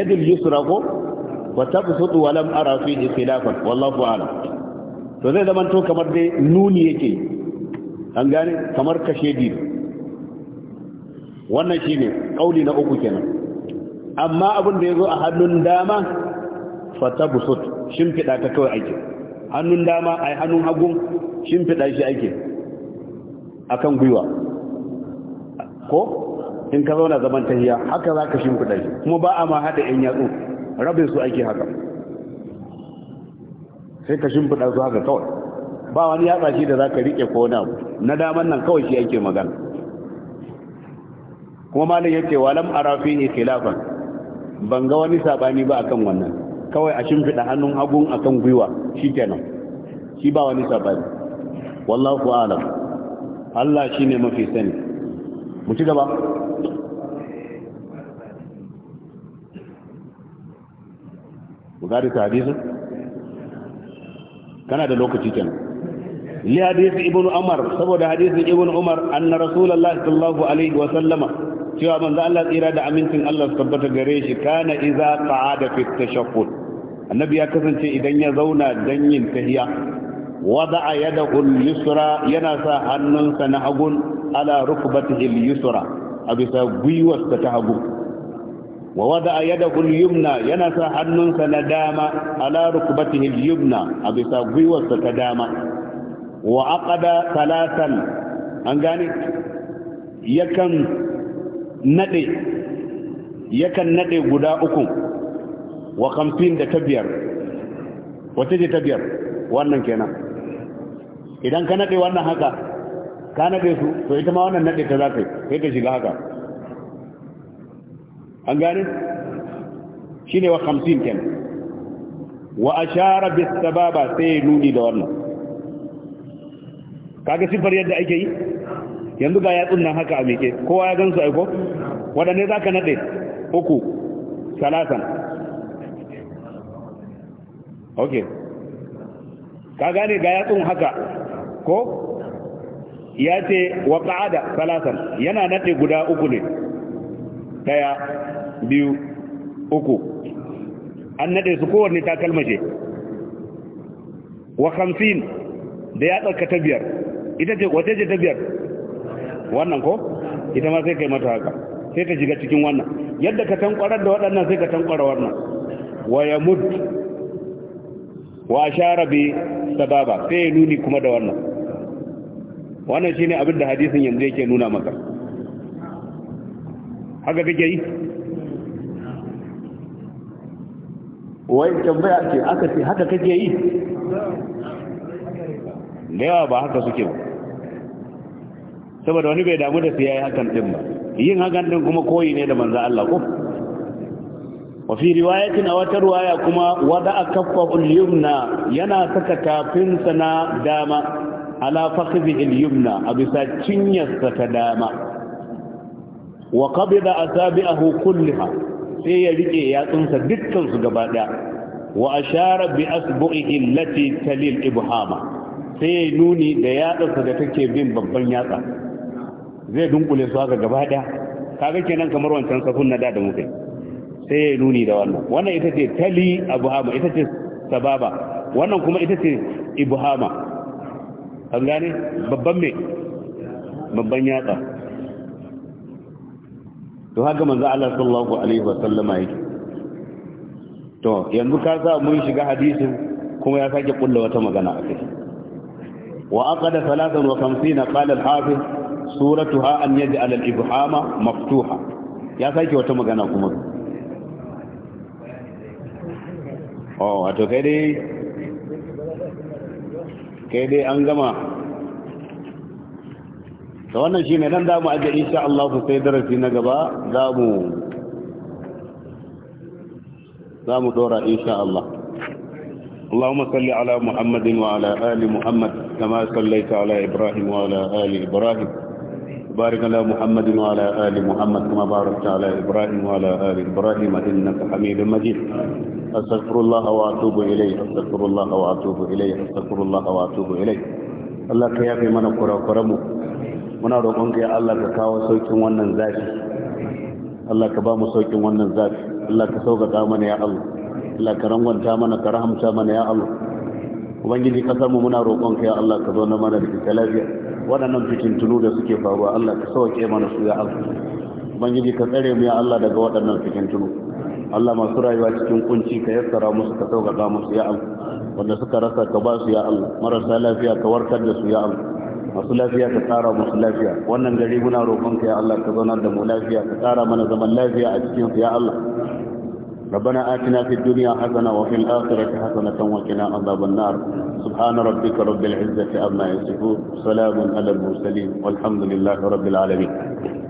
yusra ko wa tabsutu wa lam ara fi ikhtilafan wallahu a'lam to zai zama to kamar dai nuni yake an gane kamar kashe biyu wannan shine kauli na uku kenan amma abin da yazo a hannun dama fa tabsut shimfida ta kawai aiki. hannun dama ai hannun hagu shimfida shi aiki akan gwiwa ko in ka zauna zaman tahiya haka zaka shimfida shi kuma ba a ma hada yan yatsu rabin su ake haka sai ka shimfiɗa su haka kawai ba wani ya shi da za ka riƙe ko na na daman nan kawai shi ake magana kuma malin ya ce walam arafi ne khilafan ban ga wani saɓani ba akan wannan kawai a shimfiɗa hannun agun akan gwiwa shi kenan shi ba wani saɓani wallahu alam Allah shi ne mafi sani mu ci gaba gari ta hadisin kana da lokaci kenan li hadisi ibn umar saboda hadisin ibn umar anna rasulullahi sallallahu alaihi wa sallama cewa manzo Allah tsira da amincin Allah su tabbata gare shi kana idza qa'ada fi tashaqqud annabi ya kasance idan ya zauna dan yin tahiya wada'a yadahu al-yusra yana sa hannunsa na hagun ala rukbatihi al-yusra a bisa gwiwarsa ta hagu wa wada yadahu al-yumna yana sa hannunsa na dama ala rukbatihi al-yumna a bisa gwiwarsa ta dama wa aqada talatan an gane yakan nade yakan nade guda uku wa kamfin da tabiyar wata ce tabiyar wannan kenan idan ka nade wannan haka ka nade su to ita ma wannan nade ta za ka yi sai ka shiga haka an gane ne wa 50 ken wa ashara ba ba sai nuni da wannan kaga sifar yadda ake yi yanzu ga yatsun nan haka a meke kowa ya gansu aiko waɗanne za ka naɗe uku salasan ok ka gane ga yatsun haka ko ya ce wa ƙa'ada salasan yana naɗe guda uku ne daya biyu uku an nade su kowanne takalma ce wa hamsin da ya tsarka ta biyar ita ce wace ce ta biyar wannan ko ita ma sai kai mata haka sai ka shiga cikin wannan yadda ka tankwarar da waɗannan sai ka tankwara wannan wa ya mud wa shara bi sababa sai ya nuni kuma da wannan wannan shine abin da hadisin yanzu yake nuna maka haka kake yi wai tambaya ce aka ce haka kake yi da yawa ba haka suke ba saboda wani bai damu da su yi hakan din ba yin hakan din kuma koyi ne da manzo Allah ko wa fi riwayatin a wata ruwaya kuma wada a kafa ulyumna yana saka kafinsa na dama ala fakhidhi al-yumna a bisa cinyarsa ta dama wa qabida asabi'ahu kullaha sai ya rike yatsunsa dukkan su gaba daya wa ashara bi asbu'ihi allati talil ibhama sai ya nuni da yatsunsa da take bin babban yatsa zai dunkule su haka gaba daya kaga kenan kamar wancan safun na da da muke sai ya nuni da wannan wannan ita ce tali abuhama ita ce sababa wannan kuma ita ce ibhama an gane babban me babban yatsa to haka manzo Allah sallallahu alaihi wa sallama yake to yanzu ka sa mun shiga hadisin kuma ya sake kulla wata magana akai wa aqada 53 qala al-hafiz suratuha an yaj'al al-ibhama maftuha ya sake wata magana kuma oh wato kai dai kai dai an gama da wannan shi ne nan za mu ajiye insha Allah sai darasi na gaba za mu za mu dora Allah اللهم صل على محمد وعلى آل محمد كما صليت على إبراهيم وعلى آل إبراهيم بارك على محمد وعلى آل محمد كما باركت على إبراهيم وعلى آل إبراهيم إنك حميد مجيد أستغفر الله وأتوب إليه أستغفر الله وأتوب إليه أستغفر الله وأتوب إليه الله كيف من قرأ قرمه muna roƙonka ya Allah ka kawo saukin wannan zafi Allah ka ba mu saukin wannan zafi Allah ka sauƙaƙa mana ya Allah Allah ka rangwanta mana ka rahamta mana ya Allah ubangiji kasar mu muna roƙonka ya Allah ka zauna mana da kika Waɗannan waɗannan tunu da suke faruwa Allah ka sauke mana su ya Allah ubangiji ka tsare mu ya Allah daga waɗannan tunu. Allah masu rayuwa cikin kunci ka yassara musu ka sauƙaƙa musu ya Allah wanda suka rasa ka ba su ya Allah marasa lafiya ka warkar da su ya Allah masu lafiya ka tsara musu lafiya wannan gari muna roƙonka ya Allah ka zaunar da mu lafiya ka tsara mana zaman lafiya a cikin ya Allah ربنا آتنا في الدنيا حسنة وفي الآخرة حسنة وقنا عذاب النار سبحان ربك رب العزة عما يصفون سلام على المرسلين والحمد لله رب العالمين